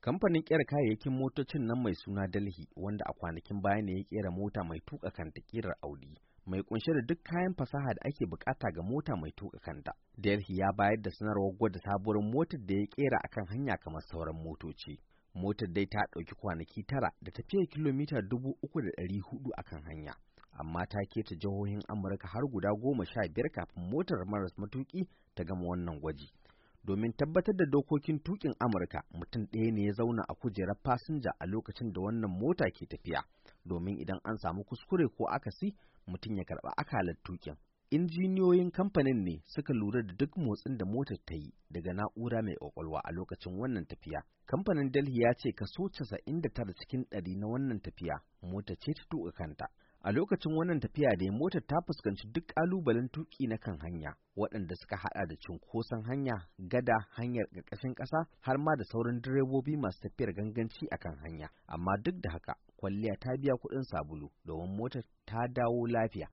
Kamfanin ƙera kayayyakin motocin nan mai suna dalhi wanda a kwanakin baya ne ya ƙera mota mai tuƙa kanta ƙirar Audi mai kunshe da duk kayan fasaha da ake bukata ga mota mai tuƙa kanta. dalhi ya bayar da sanarwar gwada sabuwar motar da ya ƙera akan hanya kamar sauran motoci. Motar dai ta ɗauki kwanaki tara da tafiya kilomita dubu uku da ɗari hudu akan hanya. Amma ta keta jihohin Amurka har guda goma sha biyar kafin motar maras matuƙi ta gama wannan gwaji. domin tabbatar da dokokin tukin Amurka mutum ɗaya ne ya zauna a kujerar fasinja a lokacin da wannan mota ke tafiya domin idan an samu kuskure ko akasi mutum ya karɓa akalar tukin. Injiniyoyin kamfanin ne suka lura da duk motsin da motar ta yi daga na'ura mai ƙwaƙwalwa a lokacin wannan tafiya. Kamfanin Delhi ya ce kaso casa'in da tara cikin ɗari na wannan tafiya mota ce ta tuka kanta. A lokacin wannan tafiya da motar ta fuskanci duk ƙalubalen tuƙi na kan hanya, waɗanda suka haɗa da cunkoson hanya, gada, hanyar ƙarƙashin ƙasa, har ma da sauran direbobi masu tafiyar ganganci a kan hanya. Amma duk da haka, kwalliya ta biya kuɗin sabulu domin motar ta dawo lafiya.